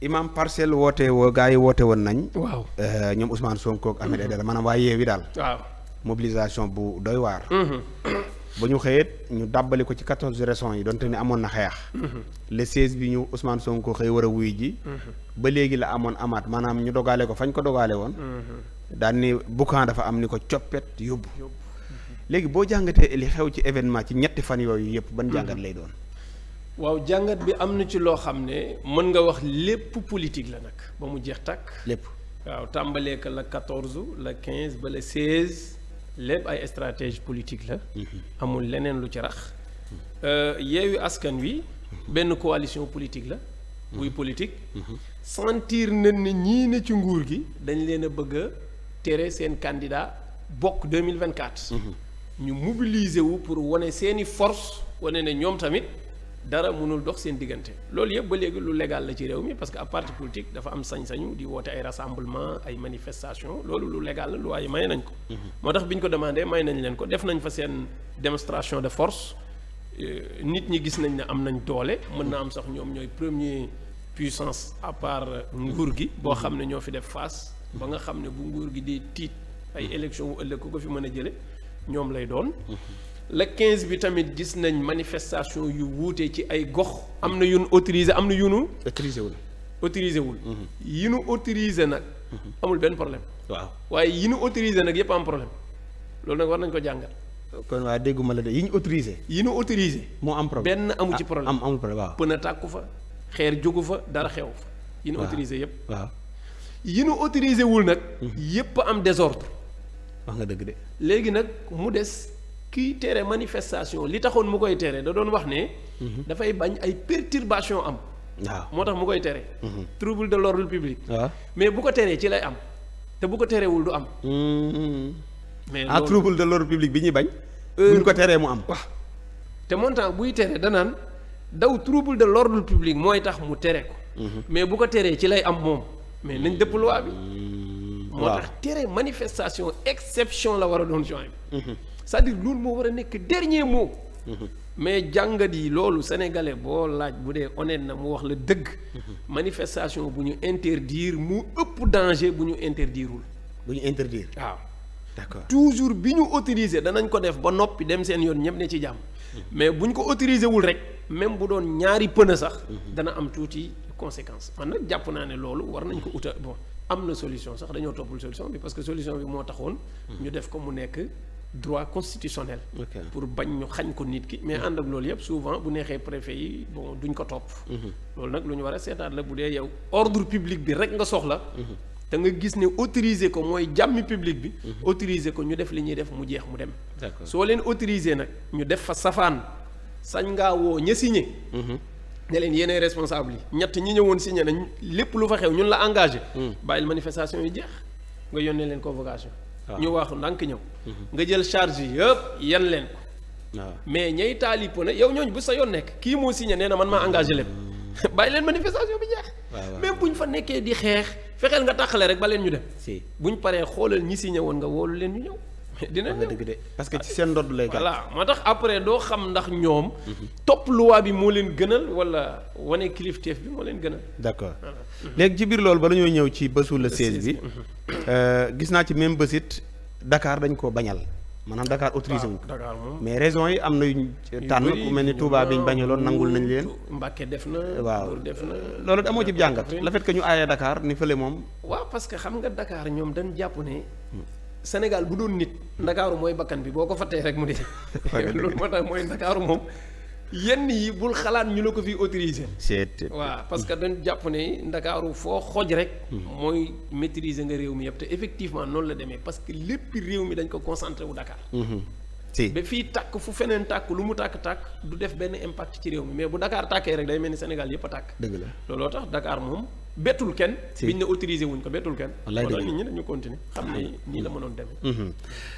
imam parcelle woote woo gars yi woote woon nañ. waaw euh, ñoom Ousmane Sonko ak Ahmed mm-hmm. Aidara maanaam waa yeewi daal. waaw mobilisation bu doy waar. Mm-hmm. ba ñu xëyeet ñu dàbbali ko ci quatorze régions yi donte ni amoon na xeex. Mm-hmm. le seize bi ñu Ousmane Sonko xëy war a wuy ji. ba léegi la amoon amaat maanaam ñu dogaale ko fañ ko dogaale woon. daan ni boucan dafa am ni ko coppet yóbbu. léegi boo jàngatee li xew ci événement ci ñetti fan yooyu yëpp ban jàngat lay doon. waaw jàngat bi am na ci loo xam ne mën nga wax lépp politique la nag ba mu jeex tàkk lépp waaw tàmbalee ka la quatorze la quinze ba la seize lépp ay stratégie politique la mhm. amul leneen lu ci rax euh, yeewi askan wi benn coalition politique la mhm. buy politique mhm. sentir nañ ne ñii ne ci nguur gi dañ leen a bëgg a tere seen candidat bokk 2024 ñu mobiliser wu pour wane seeni force wane ne ñoom tamit dara mënul dox seen diggante loolu yëpp ba léegi lu legal la ci réew mi parce que ab parti politique dafa am sañ-sañu di woote ay rassemblement ay manifestation loolu lu légal la loi yi may nañ ko mhm. moo tax bi ñu ko demandé may nañ leen ko def nañ fa seen démonstration de force euh, nit ñi gis nañ ne am nañ toole mën naa am sax ñoom ñooy premier puissance à part nguur gi boo xam ne ñoo fi def face ba nga xam ne bu nguur gi di tiit ay mhm. élection wu ëllëg ko fi mën a jële ñoom lay doon mhm. le quinze bi tamit gis nañ manifestation yu wuute ci ay gox am na yu nu autorisé am na yu nu autorisé wul autorisé wul mhm. yi nu autorisé nag mhm. amul benn problème waaw waaye yi nu autorisé nag yëpp am problème loolu nag war nañ ko jàngal kon waaye dégguma la de yi ñu autorisé yi nu moo am problème benn ci ah, problème am amul problème waaw pën a tàkku fa xeer jógu fa dara xew fa yi nu yëpp waaw yi nu wul nag mhm. yëpp am désordre wax nga dëgg de léegi nag mu des kiy tere manifestation li taxoon mu koy tere da doon wax ne. Mhm. dafay bañ ay perturbation am. waaw moo tax mu koy tere. Mhm. trouble de l'ordre public. waaw mais bu ko teree ci lay am te bu ko terewul du am. Mhm. mais ah, loolu trouble de l'ordre public bi ñuy bañ. Euh, buñ ko teree mu am. waaw te montant buy tere danaan daw trouble de l'ordre public mooy tax mu tere ko. mais bu ko teree ci lay am moom mais nañ dëpp loi bi. Mm. moo tax tere manifestation exception la war a doon juin bi. cest à loolu moo war a nekk dernier mot. Mhm. mais jàngat yi loolu sénégalais boo laaj bu dee honnête na mu wax la dëgg. Mhm. manifestation bu ñu interdire mu ëpp danger bu ñu interdirewul. bu ñu interdire waaw. d'accord toujours bi ñu autorisé danañ ko def ba noppi dem seen yoon ñëpp ne ci jàmm. Mhm. mais bu ñu ko autorisé wul rek même bu doon ñaari pënë sax. dana am tuuti conséquence man nag jàpp naa ne loolu war nañ ko uta bon am na solution sax dañoo toppul solution bi parce que solution bi moo taxoon. ñu def ko mu nekk. droit constitutionnel. pour bañ ñu xañ ko nit ki. mais ànd ak loolu yëpp souvent bu neexee préfet yi duñ ko topp. Mhm. loolu nag lu ñu war a seetaat la bu dee yow ordre public bi rek nga soxla. Mhm. te nga gis ne autoriser ko mooy jàmmi public bi. Mhm. autoriser ko ñu def li ñuy def mu jeex mu dem. d'accord soo leen autoriser nag ñu def fa safaan sañ ngaa woo ña signé. ne leen yéenay responsable yi ñett ñi ñëwoon signé nañ lépp lu fa xew ñun la engagé. bàyyil manifestation yi jeex nga yónnee leen convocation. ñu waaxu ndànk ñëw nga jël charge yi yëpp yan leen ko mais ñay taali pone yow ñooñu bu sa yoon nekk kii moo signé nee na man maa engagé lépp mm. bàyyi leen manifestation bi jeex même bu ñu fa nekkee di xeex fexeel nga tàqale rek ba leen ñu dem bu ñu paree xoolal ñi signé woon nga woolu leen ñu ñëw dina ñëw dëgg de parce que ci seen ndodd lay. voilà moo tax après doo xam ndax ñoom. Mhm. topp luwaa bi moo leen gënal wala wane teef bi moo leen gënal. d' accord mhm. léegi ci biir loolu ba la ñoo ñëw ci bésu le 16 bi. Mhm. Euh, gis naa ci même bés it Dakar dañ koo bañal. maanaam Dakar ah, autorisé wuñ ko mais raison yi am na yuñ tànn mel ni Touba biñ bañaloon nangul nañ leen. Mbàkke def na. waaw def loolu damoo ci jàngat. le fait ñu aayee dakaar ni fële moom. waaw parce que xam nga Dakar ñoom dañ jàpp ne. Hmm. Sénégal bu doon nit ndakaaru mooy bakkan bi boo ko fattee rek mu dee loolu moo tax mooy ndakaaru moom yenn yi bul xalaat ñu la ko fi autorisé waa parce que dañ jàpp ne ndakaaru foo xoj rek hmm. mooy maîtriser nga réew mi yëpp te effectivement noonu la demee parce que lépp réew mi dañ ko concentré wu Dakar hmm. si ba fii tàkk fu feneen tàkk lu mu tàkk-tàkk du def benn impact ci réew mi mais bu dakaar tàkkee rek day mel ni Sénégal yëpp a tàkk. dëgg la looloo tax dakaar moom bettul kenn. si biñ ne autorisé wuñ ko bettul kenn. wallaay dëgg nit ñi dañu continuer xam ne nii la mënoon demee. Mm-hmm.